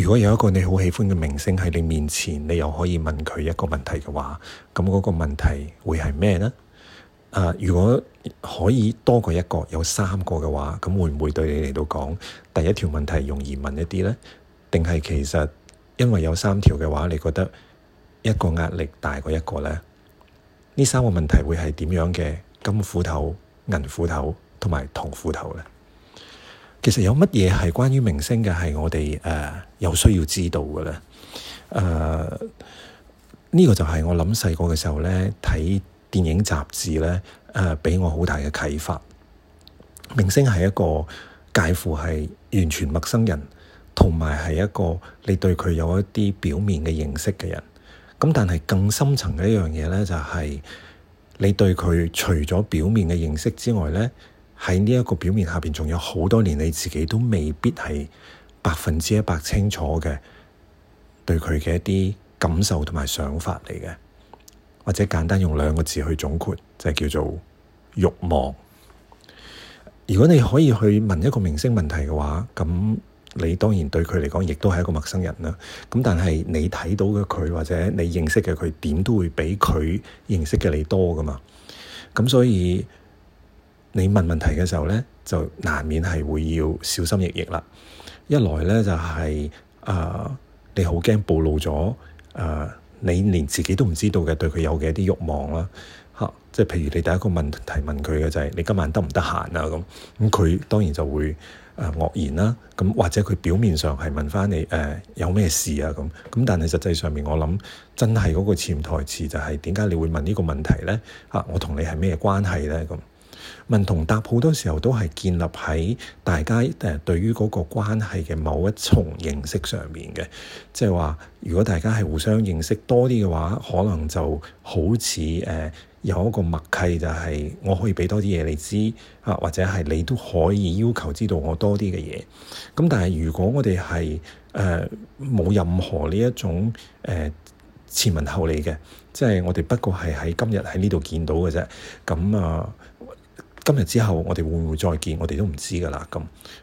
如果有一個你好喜歡嘅明星喺你面前，你又可以問佢一個問題嘅話，咁嗰個問題會係咩呢？啊，如果可以多過一個，有三個嘅話，咁會唔會對你嚟到講，第一條問題容易問一啲呢？定係其實因為有三條嘅話，你覺得一個壓力大過一個呢？呢三個問題會係點樣嘅？金斧頭、銀斧頭同埋銅斧頭呢？其實有乜嘢係關於明星嘅，係我哋誒、呃、有需要知道嘅咧？誒、呃、呢、這個就係我諗細個嘅時候咧，睇電影雜誌咧，誒，俾我好大嘅啟發。明星係一個介乎係完全陌生人，同埋係一個你對佢有一啲表面嘅認識嘅人。咁但係更深層嘅一樣嘢咧，就係、是、你對佢除咗表面嘅認識之外咧。喺呢一個表面下邊，仲有好多年你自己都未必係百分之一百清楚嘅，對佢嘅一啲感受同埋想法嚟嘅，或者簡單用兩個字去總括，就係叫做慾望。如果你可以去問一個明星問題嘅話，咁你當然對佢嚟講，亦都係一個陌生人啦。咁但係你睇到嘅佢，或者你認識嘅佢，點都會比佢認識嘅你多㗎嘛？咁所以。你問問題嘅時候呢，就難免係會要小心翼翼啦。一來呢，就係、是、啊、呃，你好驚暴露咗啊、呃，你連自己都唔知道嘅對佢有嘅一啲慾望啦。嚇、啊，即係譬如你第一個問題問佢嘅就係、是、你今晚得唔得閒啊？咁咁佢當然就會、呃、然啊愕然啦。咁或者佢表面上係問翻你誒、呃、有咩事啊？咁咁但係實際上面我諗真係嗰個潛台詞就係，點解你會問呢個問題呢？啊，我同你係咩關係呢？」咁問同答好多時候都係建立喺大家誒對於嗰個關係嘅某一重認識上面嘅，即係話，如果大家係互相認識多啲嘅話，可能就好似誒、呃、有一個默契、就是，就係我可以畀多啲嘢你知啊，或者係你都可以要求知道我多啲嘅嘢。咁、嗯、但係如果我哋係誒冇任何呢一種誒、呃、前文後理嘅，即、就、係、是、我哋不過係喺今日喺呢度見到嘅啫，咁、嗯、啊～今日之後，我哋會唔會再見？我哋都唔知噶啦。咁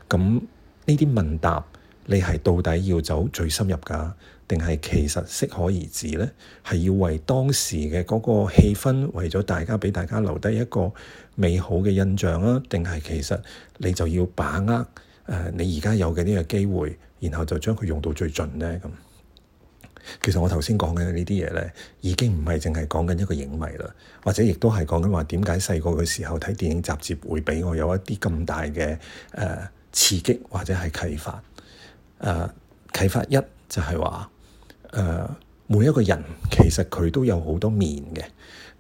咁呢啲問答，你係到底要走最深入噶，定係其實適可而止咧？係要為當時嘅嗰個氣氛，為咗大家畀大家留低一個美好嘅印象啊？定係其實你就要把握誒、呃，你而家有嘅呢個機會，然後就將佢用到最盡咧咁。其實我頭先講嘅呢啲嘢咧，已經唔係淨係講緊一個影迷啦，或者亦都係講緊話點解細個嘅時候睇電影雜誌會畀我有一啲咁大嘅誒、呃、刺激，或者係啟發誒、呃、啟發一就係話誒。呃每一個人其實佢都有好多面嘅，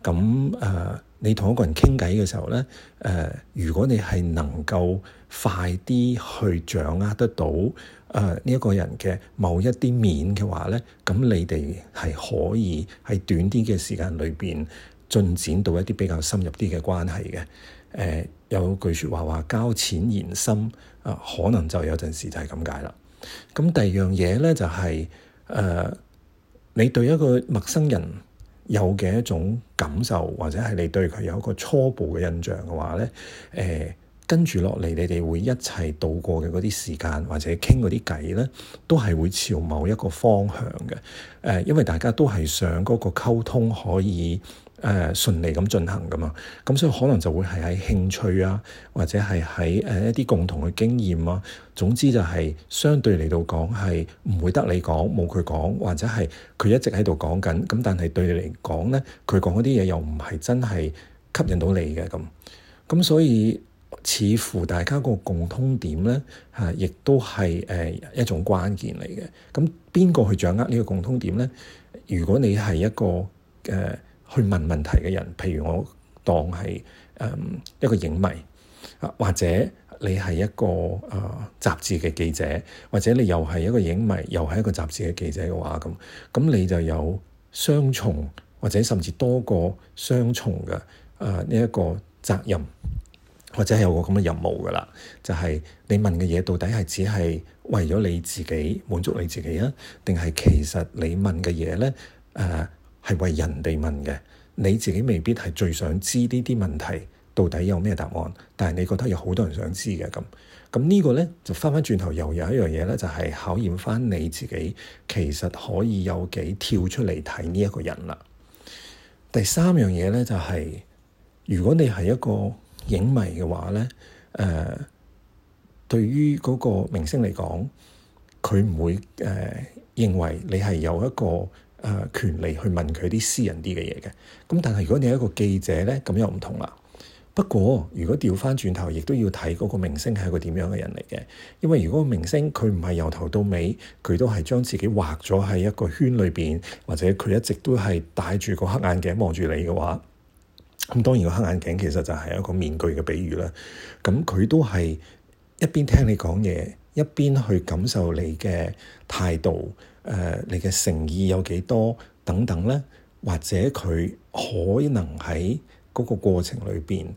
咁誒、呃，你同一個人傾偈嘅時候咧，誒、呃，如果你係能夠快啲去掌握得到誒呢一個人嘅某一啲面嘅話咧，咁你哋係可以喺短啲嘅時間裏邊進展到一啲比較深入啲嘅關係嘅。誒、呃、有句説話話交淺言深啊、呃，可能就有陣時就係咁解啦。咁、嗯、第二樣嘢咧就係、是、誒。呃你對一個陌生人有嘅一種感受，或者係你對佢有一個初步嘅印象嘅話咧，誒、呃，跟住落嚟你哋會一齊度過嘅嗰啲時間，或者傾嗰啲偈，咧，都係會朝某一個方向嘅。誒、呃，因為大家都係想嗰個溝通可以。誒順利咁進行㗎嘛，咁所以可能就會係喺興趣啊，或者係喺誒一啲共同嘅經驗啊。總之就係相對嚟到講係唔會得你講冇佢講，或者係佢一直喺度講緊。咁但係對你嚟講咧，佢講嗰啲嘢又唔係真係吸引到你嘅咁。咁所以似乎大家共、啊啊、個共通點咧嚇，亦都係誒一種關鍵嚟嘅。咁邊個去掌握呢個共通點咧？如果你係一個誒，啊去問問題嘅人，譬如我當係誒、嗯、一個影迷啊，或者你係一個誒、呃、雜誌嘅記者，或者你又係一個影迷，又係一個雜誌嘅記者嘅話咁，咁你就有雙重或者甚至多過雙重嘅誒呢一個責任，或者有個咁嘅任務㗎喇，就係、是、你問嘅嘢到底係只係為咗你自己滿足你自己啊，定係其實你問嘅嘢咧誒？呃係為人哋問嘅，你自己未必係最想知呢啲問題到底有咩答案，但係你覺得有好多人想知嘅咁。咁呢個咧就翻翻轉頭又有一樣嘢咧，就係考驗翻你自己其實可以有幾跳出嚟睇呢一個人啦。第三樣嘢咧就係，如果你係一個影迷嘅話咧，誒對於嗰個明星嚟講，佢唔會誒認為你係有一個誒、呃、權利去問佢啲私人啲嘅嘢嘅，咁但係如果你係一個記者咧，咁又唔同啦。不過如果調翻轉頭，亦都要睇嗰個明星係一個點樣嘅人嚟嘅，因為如果個明星佢唔係由頭到尾，佢都係將自己畫咗喺一個圈裏邊，或者佢一直都係戴住個黑眼鏡望住你嘅話，咁當然個黑眼鏡其實就係一個面具嘅比喻啦。咁佢都係一邊聽你講嘢，一邊去感受你嘅態度。呃、你嘅誠意有幾多等等呢？或者佢可能喺嗰個過程裏邊，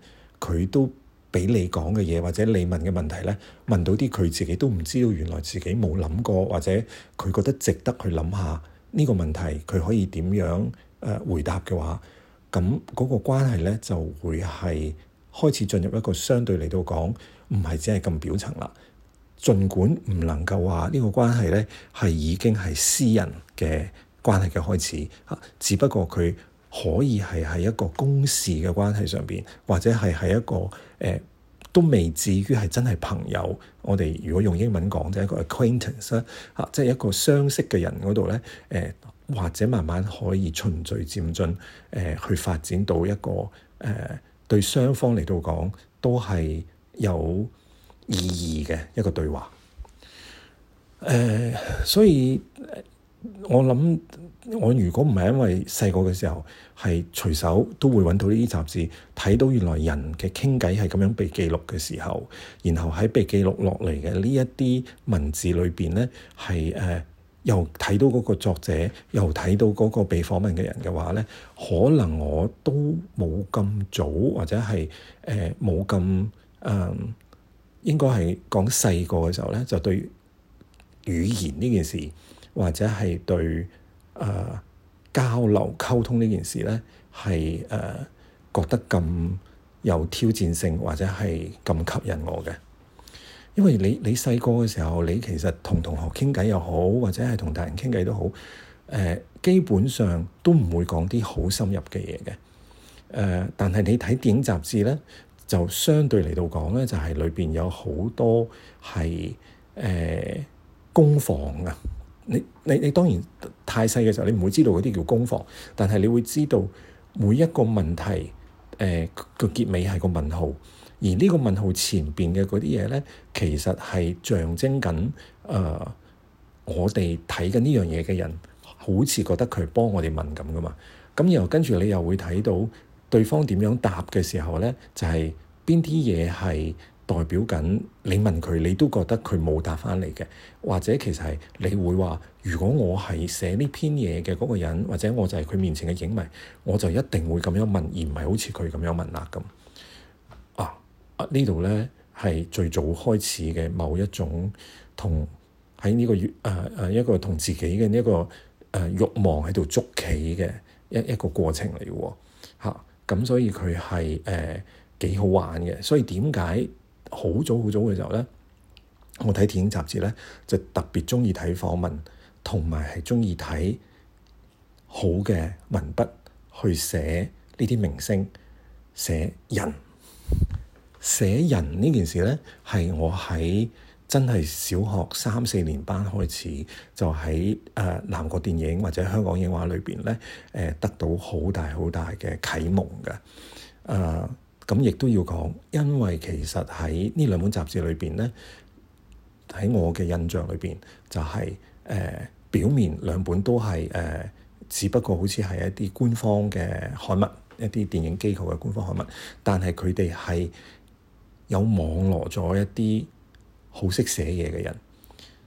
佢都畀你講嘅嘢，或者你問嘅問題呢，問到啲佢自己都唔知道，原來自己冇諗過，或者佢覺得值得去諗下呢個問題，佢可以點樣、呃、回答嘅話，咁嗰個關係呢，就會係開始進入一個相對嚟到講，唔係只係咁表層啦。儘管唔能夠話呢、這個關係咧係已經係私人嘅關係嘅開始，只不過佢可以係喺一個公事嘅關係上邊，或者係喺一個誒、呃、都未至於係真係朋友。我哋如果用英文講就係一個 acquaintance，嚇、啊、即係一個相識嘅人嗰度咧誒，或者慢慢可以循序漸進誒、呃、去發展到一個誒、呃、對雙方嚟到講都係有意義嘅一個對話，誒、uh，所以我諗，我如果唔係因為細個嘅時候係隨手都會揾到呢啲雜誌，睇到原來人嘅傾偈係咁樣被記錄嘅時候，然後喺被記錄落嚟嘅呢一啲文字裏邊呢，係誒、uh，又睇到嗰個作者，又睇到嗰個被訪問嘅人嘅話呢，可能我都冇咁早，或者係誒冇咁嗯。Uh, 應該係講細個嘅時候咧，就對語言呢件事，或者係對誒、呃、交流溝通呢件事咧，係誒、呃、覺得咁有挑戰性，或者係咁吸引我嘅。因為你你細個嘅時候，你其實同同學傾偈又好，或者係同大人傾偈都好，誒、呃、基本上都唔會講啲好深入嘅嘢嘅。誒、呃，但係你睇電影雜誌咧。就相對嚟到講咧，就係裏邊有好多係誒攻防嘅。你你你當然太細嘅時候，你唔會知道嗰啲叫攻防，但係你會知道每一個問題誒個、欸、結尾係個問號，而呢個問號前邊嘅嗰啲嘢咧，其實係象徵緊誒、呃、我哋睇緊呢樣嘢嘅人，好似覺得佢幫我哋問咁噶嘛。咁然後跟住你又會睇到。對方點樣答嘅時候呢，就係邊啲嘢係代表緊？你問佢，你都覺得佢冇答翻嚟嘅，或者其實係你會話：如果我係寫呢篇嘢嘅嗰個人，或者我就係佢面前嘅影迷，我就一定會咁樣問，而唔係好似佢咁樣問啦咁。啊、啊、呢度呢，係最早開始嘅某一種同喺呢、呢個欲誒誒一個同自己嘅呢、呢個呃、一個誒慾望喺度捉棋嘅一一個過程嚟喎，嚇、啊。咁所以佢係誒幾好玩嘅，所以點解、呃、好早好早嘅時候咧，我睇電影雜誌咧就特別鍾意睇訪問，同埋係鍾意睇好嘅文筆去寫呢啲明星，寫人，寫人呢件事咧係我喺。真係小學三四年班開始就喺誒、呃、南國電影或者香港影畫裏邊咧，誒得到好大好大嘅啟蒙嘅。誒咁亦都要講，因為其實喺呢兩本雜誌裏邊咧，喺我嘅印象裏邊就係、是、誒、呃、表面兩本都係誒、呃，只不過好似係一啲官方嘅刊物，一啲電影機構嘅官方刊物，但係佢哋係有網羅咗一啲好識寫嘢嘅人，誒、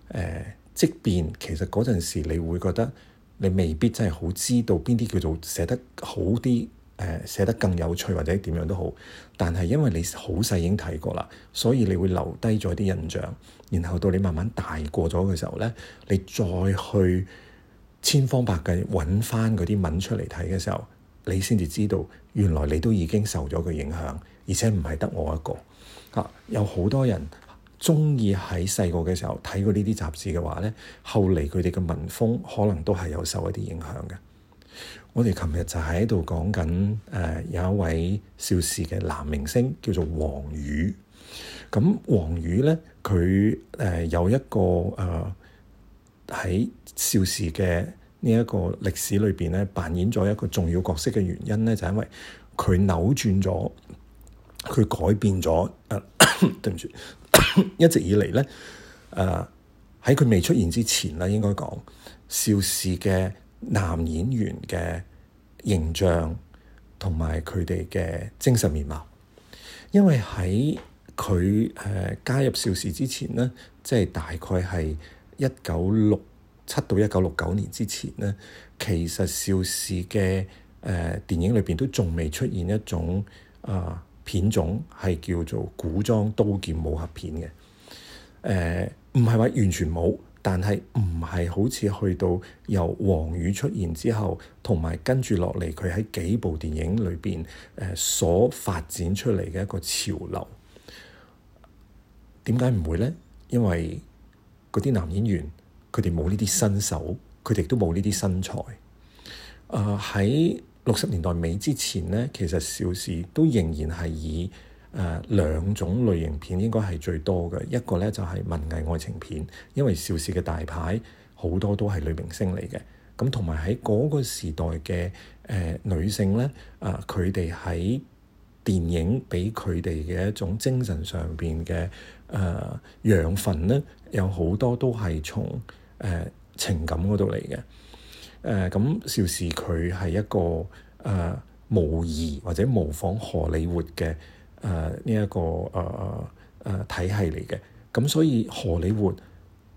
呃，即便其實嗰陣時，你會覺得你未必真係好知道邊啲叫做寫得好啲，誒、呃，寫得更有趣或者點樣都好。但係因為你好細已經睇過啦，所以你會留低咗啲印象，然後到你慢慢大過咗大個咗嘅時候咧，你再去千方百計揾翻嗰啲文出嚟睇嘅時候，你先至知道原來你都已經受咗佢影響，而且唔係得我一個啊，有好多人。鍾意喺細個嘅時候睇過呢啲雜誌嘅話咧，後嚟佢哋嘅文風可能都係有受一啲影響嘅。我哋琴日就喺度講緊，誒，有一位邵氏嘅男明星叫做黃宇咁、嗯。黃宇咧，佢誒、呃、有一個誒喺、呃、邵氏嘅呢一個歷史裏邊咧，扮演咗一個重要角色嘅原因咧，就係、是、因為佢扭轉咗佢改變咗誒、呃， 對唔住。 一直以嚟呢，呃、喺佢未出現之前呢，應該講，邵氏嘅男演員嘅形象同埋佢哋嘅精神面貌，因為喺佢誒加入邵氏之前呢，即係大概係一九六七到一九六九年之前呢，其實邵氏嘅誒電影裏邊都仲未出現一種啊，呃片種係叫做古裝刀劍武俠片嘅，誒唔係話完全冇，但係唔係好似去到由王羽出現之後，同埋跟住落嚟佢喺幾部電影裏邊誒所發展出嚟嘅一個潮流，點解唔會咧？因為嗰啲男演員佢哋冇呢啲身手，佢哋都冇呢啲身材，誒、呃、喺六十年代尾之前呢，其實邵氏都仍然係以誒、呃、兩種類型片應該係最多嘅，一個咧就係、是、文藝愛情片，因為邵氏嘅大牌好多都係女明星嚟嘅，咁同埋喺嗰個時代嘅誒、呃、女性咧，啊佢哋喺電影畀佢哋嘅一種精神上邊嘅誒養分咧，有好多都係從誒、呃、情感嗰度嚟嘅。誒咁，邵氏佢係一個誒模擬或者模仿荷里活嘅誒呢一個誒誒、呃呃、體系嚟嘅，咁、嗯、所以荷里活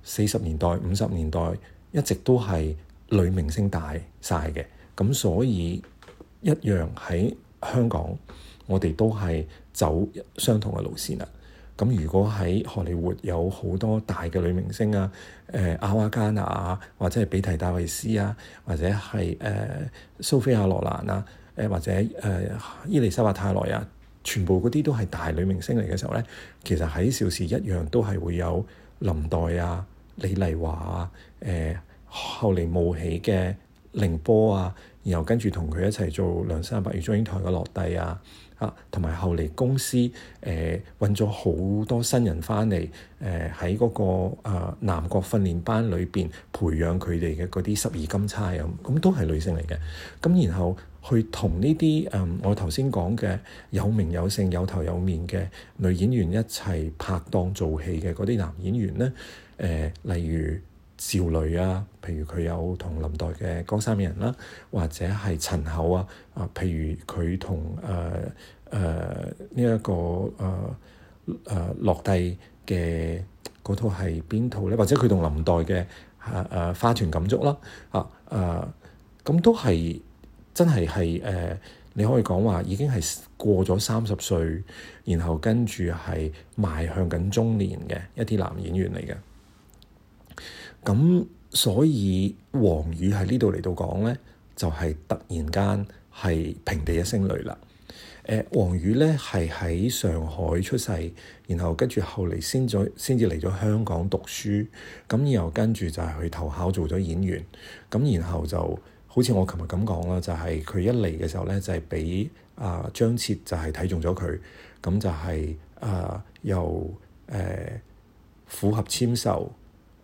四十年代、五十年代一直都係女明星大晒嘅，咁、嗯、所以一樣喺香港，我哋都係走相同嘅路線啦。咁如果喺荷里活有好多大嘅女明星啊，誒、呃、阿瓦加娜啊，或者係比提戴維斯啊，或者係誒、呃、蘇菲亞羅蘭啊，誒、呃、或者誒、呃、伊莉莎白泰萊啊，全部嗰啲都係大女明星嚟嘅時候咧，其實喺邵氏一樣都係會有林黛啊、李麗華啊、誒、呃、後嚟冒起嘅凌波啊，然後跟住同佢一齊做梁山伯與祝英台嘅樂蒂啊。同埋後嚟公司誒揾咗好多新人翻嚟，誒喺嗰個、呃、南國訓練班裏邊培養佢哋嘅嗰啲十二金釵。咁、嗯，咁都係女性嚟嘅。咁然後去同呢啲誒我頭先講嘅有名有姓有頭有面嘅女演員一齊拍檔做戲嘅嗰啲男演員咧，誒、呃、例如趙雷啊，譬如佢有同林黛嘅《江山美人》啦，或者係陳厚啊，啊譬如佢同誒，呃誒、uh, 這個 uh, uh, 呢一個誒誒樂蒂嘅嗰套係邊套咧？或者佢同林黛嘅嚇誒花團錦簇啦啊誒，咁、啊嗯、都係真係係誒，uh, 你可以講話已經係過咗三十歲，然後跟住係邁向緊中年嘅一啲男演員嚟嘅。咁、啊啊嗯嗯、所以王羽喺呢度嚟到講咧，就係、是、突然間係平地一聲雷啦。誒王羽咧係喺上海出世，然後跟住後嚟先咗先至嚟咗香港讀書，咁然後跟住就係去投考做咗演員，咁然後就好似我琴日咁講啦，就係、是、佢一嚟嘅時候咧就係畀啊張徹就係睇中咗佢，咁就係啊由誒虎俠殲仇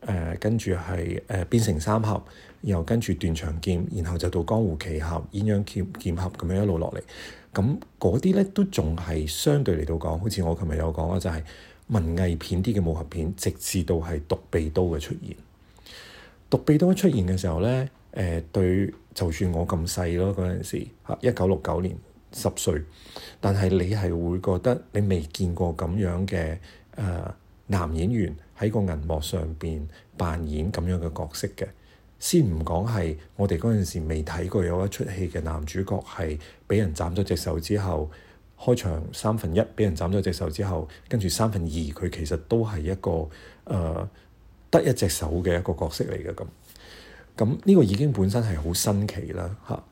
誒，跟住係誒邊城三俠，然後跟住斷腸劍，然後就到江湖奇俠鴛鴦劍劍俠咁樣一路落嚟。咁嗰啲咧都仲係相對嚟到講，好似我琴日有講啊，就係、是、文藝片啲嘅武俠片，直至到係獨臂刀嘅出現。獨臂刀一出現嘅時候咧，誒、呃、對，就算我咁細咯，嗰陣時嚇，一九六九年十歲，但係你係會覺得你未見過咁樣嘅誒、呃、男演員喺個銀幕上邊扮演咁樣嘅角色嘅。先唔講係我哋嗰陣時未睇過有一出戲嘅男主角係畀人斬咗隻手之後，開場三分一畀人斬咗隻手之後，跟住三分二佢其實都係一個誒得、呃、一隻手嘅一個角色嚟嘅咁。咁呢個已經本身係好新奇啦，嚇。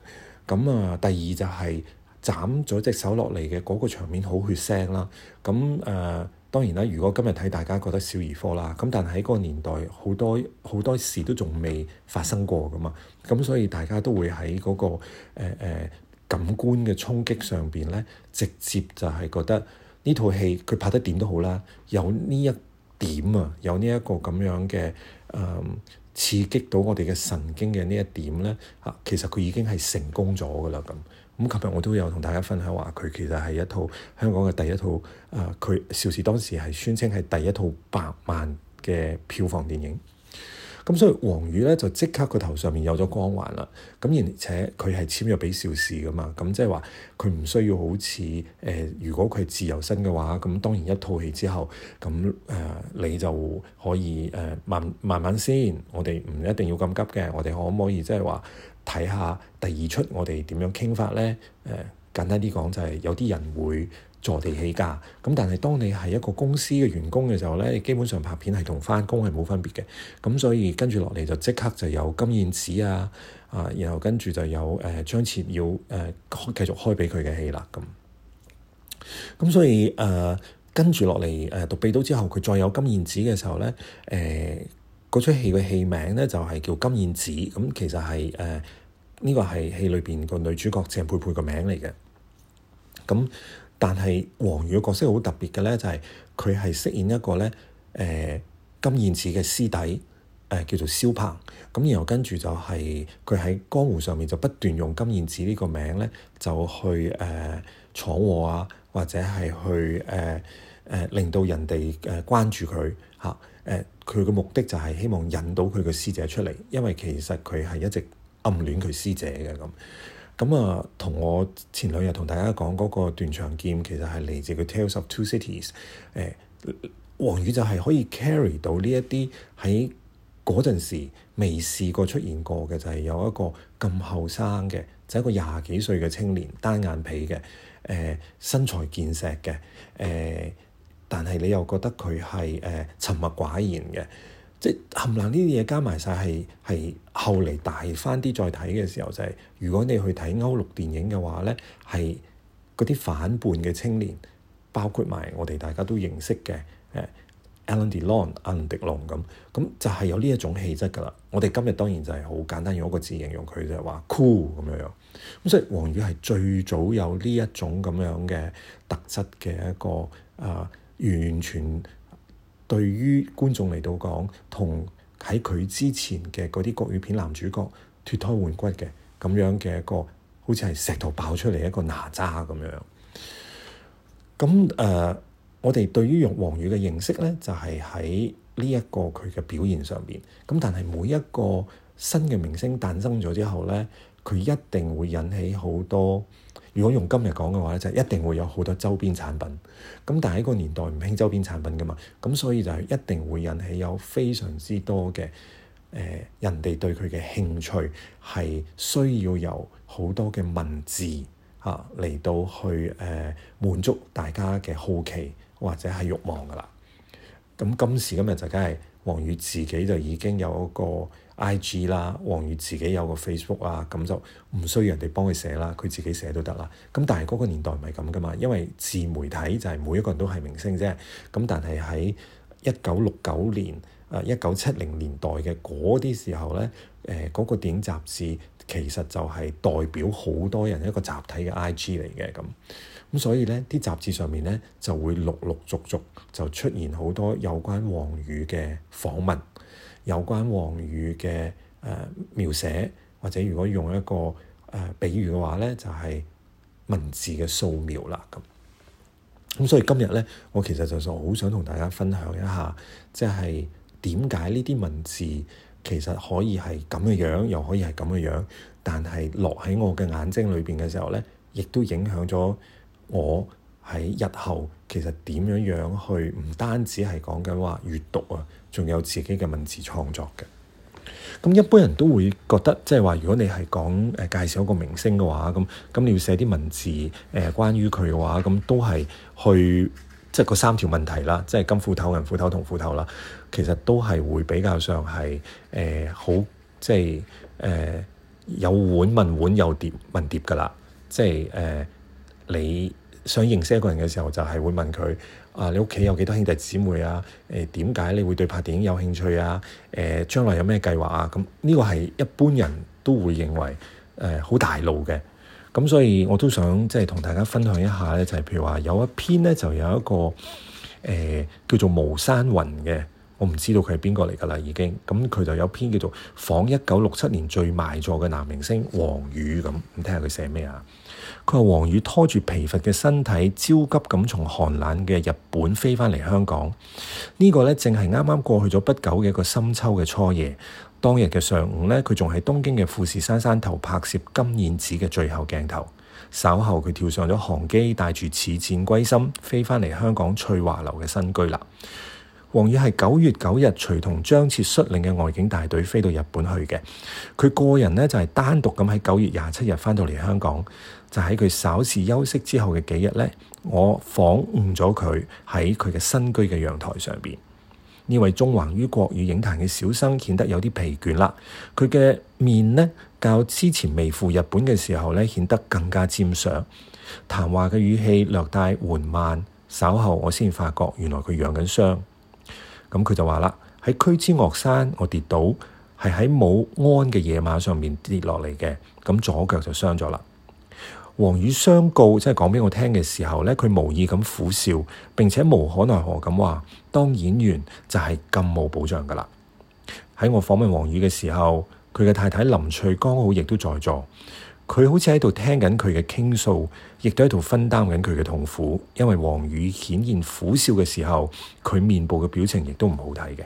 咁啊，第二就係斬咗隻手落嚟嘅嗰個場面好血腥啦。咁誒。呃當然啦，如果今日睇大家覺得小兒科啦，咁但係喺個年代好多好多事都仲未發生過噶嘛，咁所以大家都會喺嗰、嗰個誒、呃呃、感官嘅衝擊上邊咧，直接就係覺得呢套戲佢拍得點都好啦，有呢一點啊，有呢一個咁樣嘅誒、呃、刺激到我哋嘅神經嘅呢一點咧，嚇其實佢已經係成功咗噶啦咁。咁琴日我都有同大家分享話佢其實係一套香港嘅第一套，誒、呃、佢邵氏當時係宣稱係第一套百萬嘅票房電影。咁所以王羽咧就即刻個頭上面有咗光環啦。咁而且佢係簽約畀邵氏噶嘛，咁即係話，佢唔需要好似誒、呃，如果佢係自由身嘅話，咁當然一套戲之後，咁誒、呃，你就可以誒、呃，慢慢慢先。我哋唔一定要咁急嘅，我哋可唔可以即係話。就是睇下第二出我哋點樣傾法咧？誒，簡單啲講就係、是、有啲人會坐地起價，咁但係當你係一個公司嘅員工嘅時候咧，基本上拍片係同返工係冇分別嘅。咁所以跟住落嚟就即刻就有金燕子啊啊，然後跟住就有誒、啊、張徹要誒、啊、繼續開畀佢嘅戲啦。咁咁所以誒跟住落嚟誒《獨臂刀》之後，佢再有金燕子嘅時候咧，誒嗰出戲嘅戲名咧就係、是、叫《金燕子》。咁其實係誒。啊呢個係戲裏邊個女主角鄭佩佩個名嚟嘅。咁，但係王羽嘅角色好特別嘅咧，就係佢係飾演一個咧，誒、呃、金燕子嘅師弟，誒、呃、叫做蕭鵬。咁，然後跟住就係佢喺江湖上面就不斷用金燕子呢個名咧，就去誒闖禍啊，或者係去誒誒、呃呃、令到人哋誒關注佢嚇誒。佢、啊、嘅、呃、目的就係希望引到佢嘅師姐出嚟，因為其實佢係一直。暗戀佢師姐嘅。咁，咁啊同我前兩日同大家講嗰個斷腸劍，其實係嚟自佢 Tales of Two Cities。誒、欸，黃宇就係可以 carry 到呢一啲喺嗰陣時未試過出現過嘅，就係、是、有一個咁後生嘅，就係、是、一個廿幾歲嘅青年，單眼皮嘅，誒、欸、身材健碩嘅，誒、欸，但係你又覺得佢係誒沉默寡言嘅，即係冚 𠾴 呢啲嘢加埋晒係係。後嚟大翻啲再睇嘅時候，就係、是、如果你去睇歐陸電影嘅話咧，係嗰啲反叛嘅青年，包括埋我哋大家都認識嘅誒 Alain Delon 阿倫迪龍咁，咁就係有呢一種氣質噶啦。我哋今日當然就係好簡單用一個字形容佢，就係話 cool 咁樣樣。咁所以黃宇係最早有呢一種咁樣嘅特質嘅一個誒、呃，完全對於觀眾嚟到講同。喺佢之前嘅嗰啲國語片男主角脫胎換骨嘅咁樣嘅一個，好似係石頭爆出嚟一個哪吒咁樣。咁誒、呃，我哋對於王羽嘅認識咧，就係喺呢一個佢嘅表現上邊。咁但係每一個新嘅明星誕生咗之後咧，佢一定會引起好多。如果用今日講嘅話咧，就是、一定會有好多周邊產品。咁但係呢個年代唔興周邊產品㗎嘛，咁所以就係一定會引起有非常之多嘅誒、呃、人哋對佢嘅興趣，係需要有好多嘅文字嚇嚟、啊、到去誒、呃、滿足大家嘅好奇或者係慾望㗎啦。咁今時今日就梗係黃宇自己就已經有一個。I.G. 啦，黃宇自己有個 Facebook 啊，咁就唔需要人哋幫佢寫啦，佢自己寫都得啦。咁但係嗰個年代唔係咁噶嘛，因為自媒體就係每一個人都係明星啫。咁但係喺一九六九年，誒一九七零年代嘅嗰啲時候咧，誒、呃、嗰、那個電影雜誌其實就係代表好多人一個集體嘅 I.G. 嚟嘅咁。咁所以咧，啲雜誌上面咧就會陸陸續續就出現好多有關黃宇嘅訪問。有關王語嘅誒、呃、描寫，或者如果用一個誒、呃、比喻嘅話咧，就係、是、文字嘅素描啦。咁咁，所以今日咧，我其實就係好想同大家分享一下，即係點解呢啲文字其實可以係咁嘅樣，又可以係咁嘅樣，但係落喺我嘅眼睛裏邊嘅時候咧，亦都影響咗我。喺日後其實點樣樣去唔單止係講緊話閱讀啊，仲有自己嘅文字創作嘅。咁一般人都會覺得，即係話如果你係講誒介紹一個明星嘅話，咁咁你要寫啲文字誒、呃、關於佢嘅話，咁都係去即係嗰三條問題啦，即係金斧頭、銀斧頭、銅斧頭、銅斧頭啦。其實都係會比較上係誒、呃、好即係誒、呃、有碗問碗，有碟問碟㗎啦，即係誒、呃、你。想認識一個人嘅時候，就係、是、會問佢：啊，你屋企有幾多兄弟姊妹啊？誒、呃，點解你會對拍電影有興趣啊？誒、呃，將來有咩計劃啊？咁呢個係一般人都會認為誒好、呃、大路嘅。咁所以我都想即係同大家分享一下咧，就係、是、譬如話有一篇咧就有一個誒、呃、叫做《巫山雲》嘅。我唔知道佢係邊個嚟㗎啦，已經咁佢就有篇叫做《訪一九六七年最賣座嘅男明星王羽》咁，你睇下佢寫咩啊？佢話王羽拖住疲乏嘅身體，焦急咁從寒冷嘅日本飛返嚟香港。呢、這個呢，正係啱啱過去咗不久嘅一個深秋嘅初夜。當日嘅上午呢，佢仲喺東京嘅富士山山頭拍攝金燕子嘅最後鏡頭。稍後佢跳上咗航機，帶住此戰歸心飛返嚟香港翠華樓嘅新居啦。王宇係九月九日，隨同張徹率領嘅外景大隊飛到日本去嘅。佢個人呢，就係單獨咁喺九月廿七日返到嚟香港。就喺佢稍事休息之後嘅幾日呢，我訪問咗佢喺佢嘅新居嘅陽台上邊。呢位縱橫於國語影壇嘅小生顯得有啲疲倦啦。佢嘅面呢，較之前未赴日本嘅時候呢，顯得更加尖上。談話嘅語氣略帶緩慢。稍後我先發覺原來佢養緊傷。.咁佢就話啦，喺驅之岳山，我跌倒，係喺冇鞍嘅野馬上面跌落嚟嘅，咁左腳就傷咗啦。王羽相告，即係講畀我聽嘅時候咧，佢無意咁苦笑，並且無可奈何咁話：當演員就係咁冇保障㗎啦。喺我訪問王羽嘅時候，佢嘅太太林翠剛好亦都在座。佢好似喺度聽緊佢嘅傾訴，亦都喺度分擔緊佢嘅痛苦，因為黃宇顯然苦笑嘅時候，佢面部嘅表情亦都唔好睇嘅。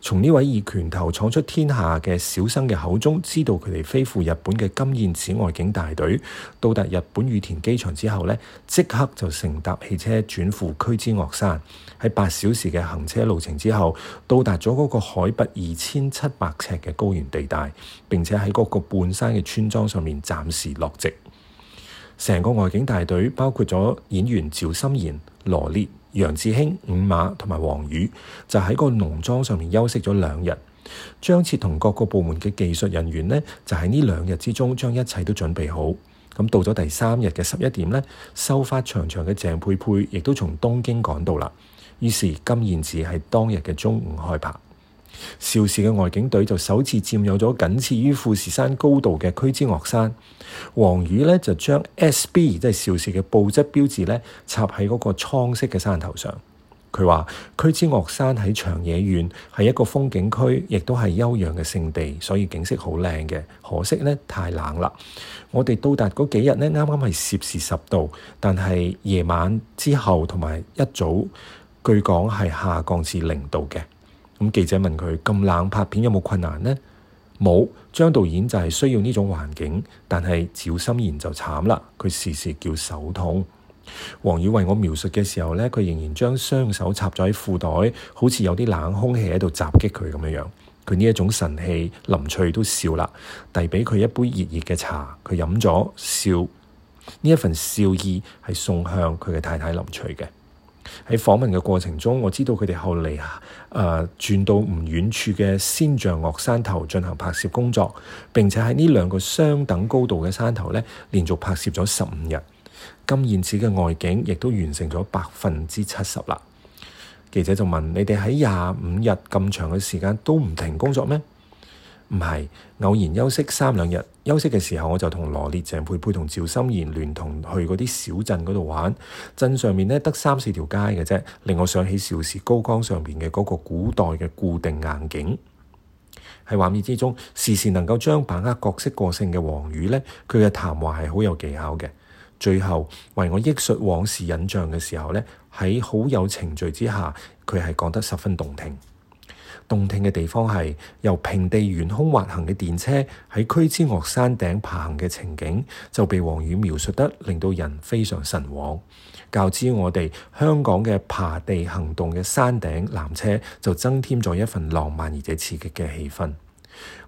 從呢位以拳頭闖出天下嘅小生嘅口中，知道佢哋飛赴日本嘅金燕子外景大隊，到達日本羽田機場之後呢，即刻就乘搭汽車轉赴區之岳山。喺八小時嘅行車路程之後，到達咗嗰個海拔二千七百尺嘅高原地帶，並且喺嗰個半山嘅村莊上面暫時落籍。成個外景大隊包括咗演員趙心妍、羅烈。楊志興、五馬同埋王羽就喺個農莊上面休息咗兩日，張徹同各個部門嘅技術人員呢，就喺呢兩日之中將一切都準備好。咁到咗第三日嘅十一點呢，收發長長嘅鄭佩佩亦都從東京趕到啦。於是金燕子喺當日嘅中午開拍。邵氏嘅外景隊就首次佔有咗僅次於富士山高度嘅區之岳山，黃宇呢就將 SB 即係邵氏嘅布質標誌呢，插喺嗰個蒼色嘅山頭上。佢話區之岳山喺長野縣係一個風景區，亦都係休養嘅勝地，所以景色好靚嘅。可惜呢，太冷啦，我哋到達嗰幾日呢，啱啱係攝氏十度，但係夜晚之後同埋一早據講係下降至零度嘅。咁記者問佢咁冷拍片有冇困難呢？冇，張導演就係需要呢種環境，但係趙心妍就慘啦，佢時時叫手痛。黃宇為我描述嘅時候呢，佢仍然將雙手插咗喺褲袋，好似有啲冷空氣喺度襲擊佢咁樣樣。佢呢一種神氣，林翠都笑啦，遞畀佢一杯熱熱嘅茶，佢飲咗笑。呢一份笑意係送向佢嘅太太林翠嘅。喺訪問嘅過程中，我知道佢哋後嚟啊，誒、呃、轉到唔遠處嘅仙象岳山頭進行拍攝工作，並且喺呢兩個相等高度嘅山頭咧，連續拍攝咗十五日。金燕子嘅外景亦都完成咗百分之七十啦。記者就問：你哋喺廿五日咁長嘅時間都唔停工作咩？唔係偶然休息三兩日，休息嘅時候我就同羅列、鄭佩佩同趙心妍聯同去嗰啲小鎮嗰度玩。鎮上面咧得三四條街嘅啫，令我想起邵氏高崗上面嘅嗰個古代嘅固定硬景。喺畫面之中，時時能夠將把握角色個性嘅王羽咧，佢嘅談話係好有技巧嘅。最後為我憶述往事印象嘅時候咧，喺好有程序之下，佢係講得十分動聽。動聽嘅地方係由平地懸空滑行嘅電車喺駒之岳山頂爬行嘅情景，就被王宇描述得令到人非常神往。較之我哋香港嘅爬地行動嘅山頂纜車，就增添咗一份浪漫而且刺激嘅氣氛。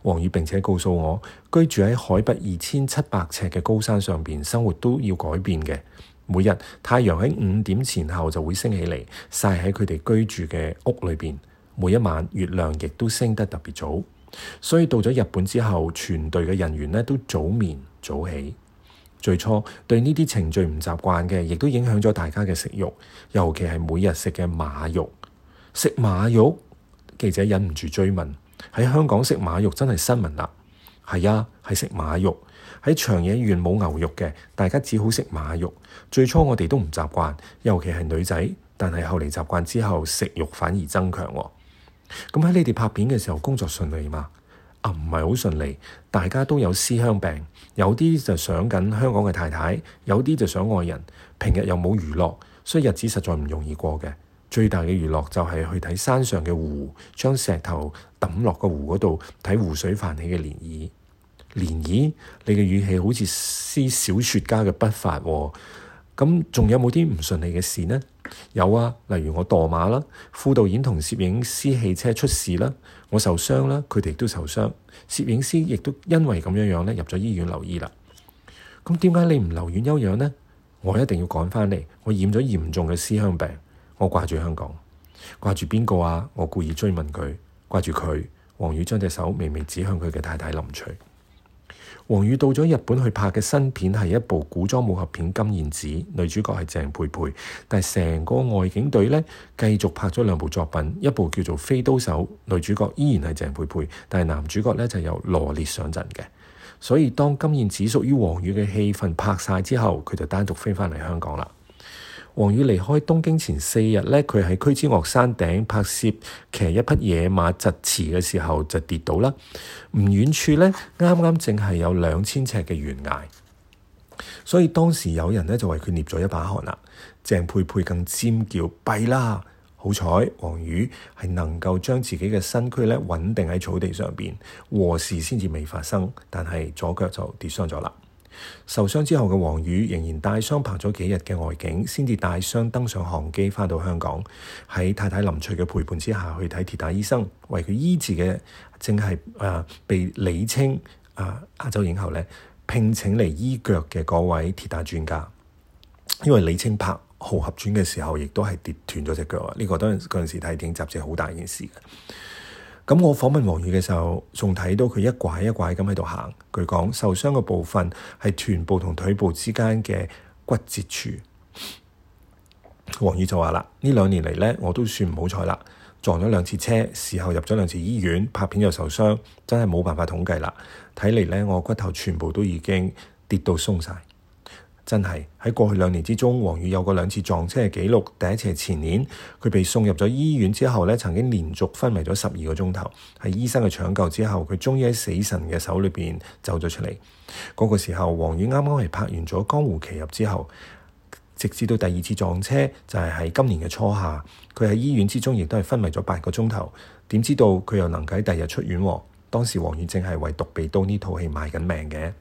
王宇並且告訴我，居住喺海拔二千七百尺嘅高山上邊，生活都要改變嘅。每日太陽喺五點前後就會升起嚟曬喺佢哋居住嘅屋裏邊。每一晚月亮亦都升得特別早，所以到咗日本之後，全隊嘅人員呢都早眠早起。最初對呢啲程序唔習慣嘅，亦都影響咗大家嘅食慾，尤其係每日食嘅馬肉。食馬肉，記者忍唔住追問喺香港食馬肉真係新聞啊！係呀，係食馬肉喺長野縣冇牛肉嘅，大家只好食馬肉。最初我哋都唔習慣，尤其係女仔，但係後嚟習慣之後，食慾反而增強喎、哦。咁喺你哋拍片嘅時候，工作順利嘛？啊，唔係好順利，大家都有思鄉病，有啲就想緊香港嘅太太，有啲就想愛人。平日又冇娛樂，所以日子實在唔容易過嘅。最大嘅娛樂就係去睇山上嘅湖，將石頭抌落個湖嗰度，睇湖水泛起嘅漣漪。漣漪，你嘅語氣好似啲小説家嘅筆法喎、哦。咁仲有冇啲唔順利嘅事呢？有啊，例如我墮馬啦，副導演同攝影師汽車出事啦，我受傷啦，佢哋都受傷，攝影師亦都因為咁樣樣咧入咗醫院留醫啦。咁點解你唔留院休養呢？我一定要趕翻嚟，我染咗嚴重嘅思鄉病，我掛住香港，掛住邊個啊？我故意追問佢，掛住佢。王羽將隻手微微指向佢嘅太太林翠。王羽到咗日本去拍嘅新片係一部古裝武俠片《金燕子》，女主角係鄭佩佩，但係成個外景隊咧繼續拍咗兩部作品，一部叫做《飛刀手》，女主角依然係鄭佩佩，但係男主角咧就由羅烈上陣嘅。所以當《金燕子》屬於王羽嘅戲份拍晒之後，佢就單獨飛翻嚟香港啦。王羽離開東京前四日咧，佢喺居之岳山頂拍攝騎一匹野馬疾馳嘅時候就跌倒啦。唔遠處咧，啱啱正係有兩千尺嘅懸崖，所以當時有人咧就為佢捏咗一把汗啦。鄭佩佩更尖叫：弊啦！好彩王羽係能夠將自己嘅身軀咧穩定喺草地上邊，禍事先至未發生，但係左腳就跌傷咗啦。受傷之後嘅王羽仍然帶傷拍咗幾日嘅外景，先至帶傷登上航機返到香港。喺太太林翠嘅陪伴之下，去睇鐵打醫生為佢醫治嘅，正係、呃、被李菁啊亞洲影后呢，聘請嚟醫腳嘅嗰位鐵打專家。因為李菁拍《豪俠傳》嘅時候，亦都係跌斷咗隻腳啊！呢、這個當陣嗰陣時睇電影雜誌，好大件事嘅。咁我訪問黃宇嘅時候，仲睇到佢一拐一拐咁喺度行。據講受傷嘅部分係臀部同腿部之間嘅骨折處。黃宇就話啦：呢兩年嚟呢，我都算唔好彩啦，撞咗兩次車，事後入咗兩次醫院，拍片又受傷，真係冇辦法統計啦。睇嚟呢，我骨頭全部都已經跌到鬆晒。」真係喺過去兩年之中，王羽有過兩次撞車嘅記錄。第一次係前年，佢被送入咗醫院之後咧，曾經連續昏迷咗十二個鐘頭。喺醫生嘅搶救之後，佢終於喺死神嘅手裏邊走咗出嚟。嗰、那個時候，王羽啱啱係拍完咗《江湖奇俠》之後，直至到第二次撞車就係、是、喺今年嘅初夏，佢喺醫院之中亦都係昏迷咗八個鐘頭。點知道佢又能夠喺第二日出院喎？當時王羽正係為《獨臂刀》呢套戲賣緊命嘅。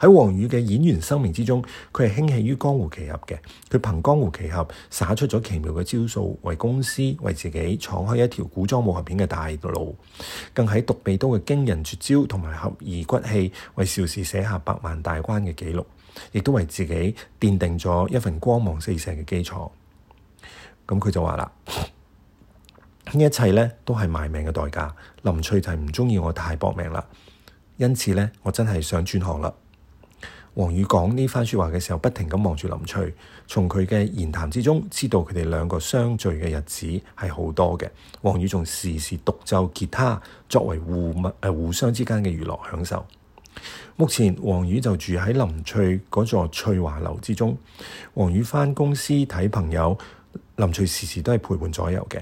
喺王羽嘅演員生命之中，佢係興起於江湖奇俠嘅。佢憑江湖奇俠灑出咗奇妙嘅招數，為公司為自己闖開一條古裝武俠片嘅大路，更喺獨臂刀嘅驚人絕招同埋俠義骨氣，為邵氏寫下百萬大關嘅紀錄，亦都為自己奠定咗一份光芒四射嘅基礎。咁佢就話啦：呢一切呢，都係賣命嘅代價。林翠提唔中意我太搏命啦，因此呢，我真係想轉行啦。王宇講呢番説話嘅時候，不停咁望住林翠，從佢嘅言談之中，知道佢哋兩個相聚嘅日子係好多嘅。王宇仲時時獨奏吉他，作為互物互相之間嘅娛樂享受。目前王宇就住喺林翠嗰座翠華樓之中。王宇返公司睇朋友，林翠時時都係陪伴左右嘅。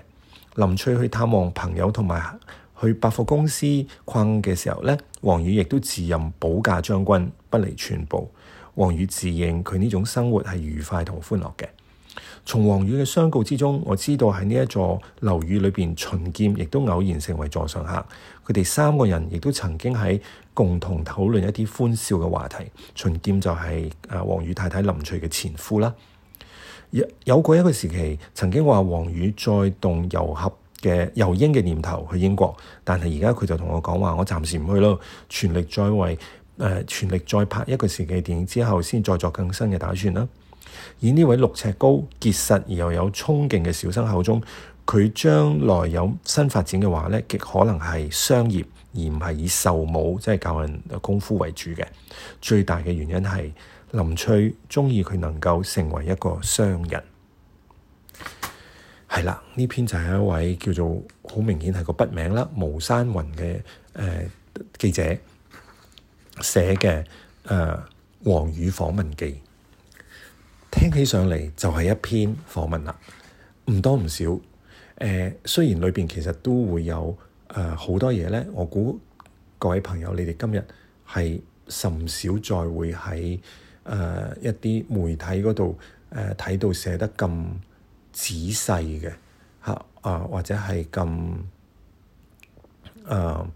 林翠去探望朋友同埋去百貨公司困嘅時候呢王宇亦都自任保駕將軍，不離寸步。王宇自認佢呢種生活係愉快同歡樂嘅。從王宇嘅相告之中，我知道喺呢一座樓宇裏邊，秦劍亦都偶然成為座上客。佢哋三個人亦都曾經喺共同討論一啲歡笑嘅話題。秦劍就係啊王宇太太林翠嘅前夫啦。有有過一個時期，曾經話王宇再動遊俠。嘅遊英嘅念頭去英國，但係而家佢就同我講話，我暫時唔去咯，全力再為誒，全力再拍一個時期電影之後先再作更新嘅打算啦。以呢位六尺高結實而又有衝勁嘅小生口中，佢將來有新發展嘅話咧，極可能係商業，而唔係以授武即係教人功夫為主嘅。最大嘅原因係林翠中意佢能夠成為一個商人。係啦，呢篇就係一位叫做好明顯係個筆名啦，毛山雲嘅誒、呃、記者寫嘅誒、呃、黃宇訪問記，聽起上嚟就係一篇訪問啦，唔多唔少。誒、呃、雖然裏邊其實都會有誒好、呃、多嘢咧，我估各位朋友你哋今日係甚少再會喺誒、呃、一啲媒體嗰度誒睇到寫得咁仔細嘅嚇啊，或者係咁誒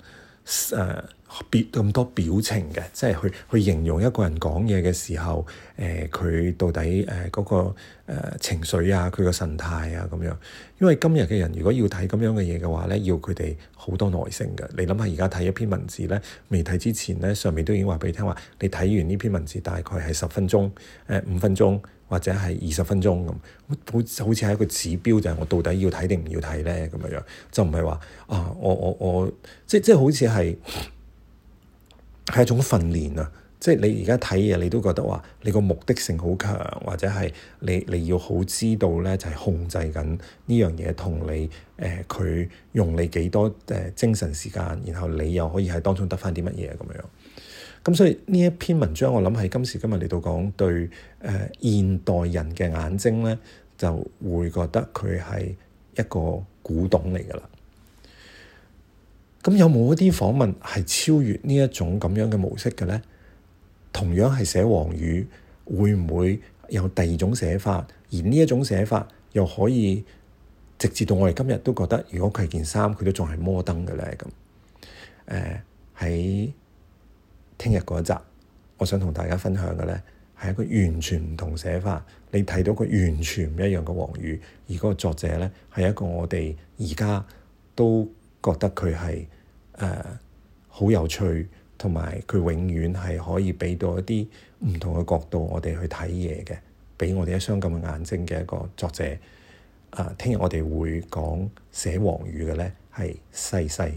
誒，別、啊、咁、啊、多表情嘅，即係去去形容一個人講嘢嘅時候，誒、呃、佢到底誒嗰、呃嗰個誒、呃、情緒啊，佢個神態啊咁樣。因為今日嘅人如果要睇咁樣嘅嘢嘅話咧，要佢哋好多耐性嘅。你諗下，而家睇一篇文字咧，未睇之前咧，上面都已經話畀你聽話，你睇完呢篇文字大概係十分鐘誒、呃、五分鐘。或者係二十分鐘咁，好似係一個指標，就係、是、我到底要睇定唔要睇咧咁樣，就唔係話啊，我我我即即好似係係一種訓練啊！即你而家睇嘢，你都覺得話你個目的性好強，或者係你你要好知道咧，就係、是、控制緊呢樣嘢同你誒佢、呃、用你幾多、呃、精神時間，然後你又可以喺當中得返啲乜嘢咁樣。咁所以呢一篇文章，我諗喺今時今日嚟到講對誒、呃、現代人嘅眼睛咧，就會覺得佢係一個古董嚟㗎喇。咁有冇一啲訪問係超越呢一種咁樣嘅模式嘅咧？同樣係寫黃語，會唔會有第二種寫法？而呢一種寫法又可以直至到我哋今日都覺得，如果佢係件衫，佢都仲係摩登嘅咧咁。誒喺、呃聽日嗰一集，我想同大家分享嘅呢，係一個完全唔同寫法，你睇到個完全唔一樣嘅王宇，而嗰個作者呢，係一個我哋而家都覺得佢係誒好有趣，同埋佢永遠係可以畀到一啲唔同嘅角度我，我哋去睇嘢嘅，畀我哋一雙咁嘅眼睛嘅一個作者。啊、呃，聽日我哋會講寫王宇嘅呢，係西西。